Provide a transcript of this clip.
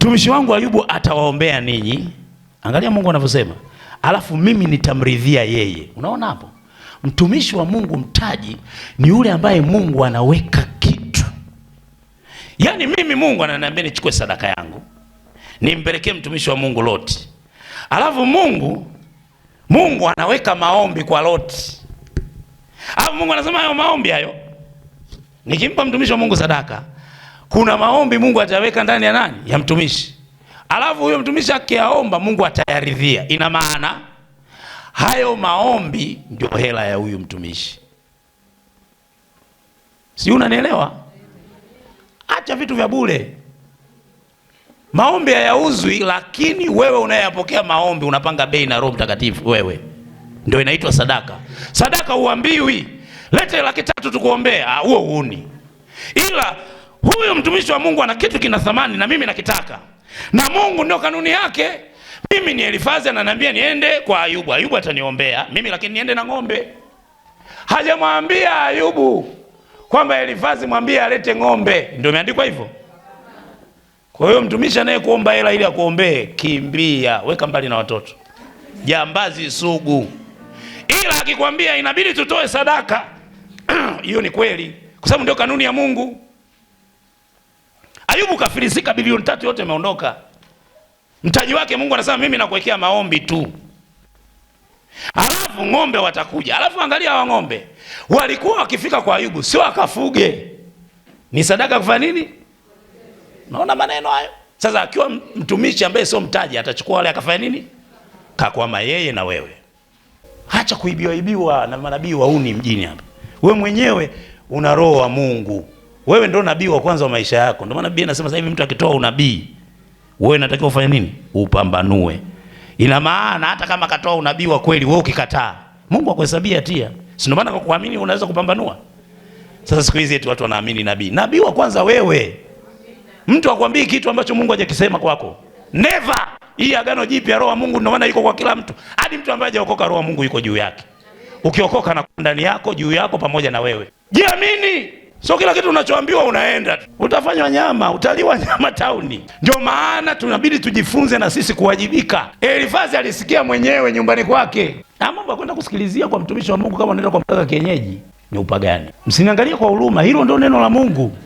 Mtumishi wangu Ayubu atawaombea ninyi, angalia Mungu anavyosema, alafu mimi nitamridhia yeye. Unaona hapo, mtumishi wa Mungu mtaji ni yule ambaye Mungu anaweka kitu. Yaani mimi Mungu ananiambia nichukue sadaka yangu nimpelekee mtumishi wa Mungu Loti, alafu Mungu Mungu anaweka maombi kwa Loti, alafu Mungu anasema hayo maombi hayo nikimpa mtumishi wa Mungu sadaka kuna maombi Mungu ataweka ndani ya nani? Ya mtumishi. Alafu huyo mtumishi akiaomba Mungu atayaridhia. Ina maana hayo maombi ndio hela ya huyu mtumishi. Si unanielewa? Acha vitu vya bure. Maombi hayauzwi, lakini wewe unayeyapokea maombi unapanga bei na Roho Mtakatifu wewe. Ndio inaitwa sadaka. Sadaka huambiwi, lete laki tatu tukuombea, ah, huo uuni. Ila huyu mtumishi wa Mungu ana kitu kina thamani na mimi nakitaka, na Mungu ndio kanuni yake. Mimi ni Elifazi ananiambia niende kwa Ayubu, Ayubu ataniombea mimi, lakini niende na ng'ombe. Hajamwambia Ayubu kwamba Elifazi mwambie alete ng'ombe, ndio imeandikwa hivyo. Kwa hiyo mtumishi anayekuomba hela ili akuombee, kimbia, weka mbali na watoto, jambazi sugu. Ila akikwambia inabidi tutoe sadaka, hiyo ni kweli, kwa sababu ndio kanuni ya Mungu. Ayubu kafilisika, bilioni tatu yote imeondoka. Mtaji wake Mungu anasema mimi nakuwekea maombi tu, alafu ng'ombe watakuja. Alafu angalia hawa ng'ombe walikuwa wakifika kwa Ayubu, sio akafuge, ni sadaka kufanya nini? Naona maneno hayo sasa. Akiwa mtumishi ambaye sio mtaji, atachukua wale akafanya nini? Kakwama yeye na wewe. Hacha kuibiwa ibiwa na manabii wauni mjini hapa. We mwenyewe una roho wa Mungu. Wewe ndio nabii wa kwanza wa maisha yako. Ndio maana Biblia inasema sasa hivi mtu akitoa unabii, wewe unatakiwa ufanye nini? Upambanue. Ina maana hata kama katoa unabii wa kweli, wewe ukikataa, Mungu akuhesabia hatia. Si ndio maana kwa kuamini unaweza kupambanua. Sasa siku hizi eti watu wanaamini nabii. Nabii wa kwanza wewe. Mtu akwambii kitu ambacho Mungu hajakisema kwako. Never. Hii agano jipya roho ya Mungu ndio maana iko kwa kila mtu. Hadi mtu ambaye hajaokoka roho ya Mungu yuko juu yake. Ukiokoka na ndani yako, juu yako pamoja na wewe. Jiamini. So kila kitu unachoambiwa unaenda utafanywa nyama, utaliwa nyama tauni. Ndio maana tunabidi tujifunze na sisi kuwajibika. Elifazi alisikia mwenyewe nyumbani kwake, na mambo kwenda kusikilizia kwa mtumishi wa Mungu kama unaenda kwa mganga kienyeji ni upagani. Msiniangalie kwa huruma, hilo ndio neno la Mungu.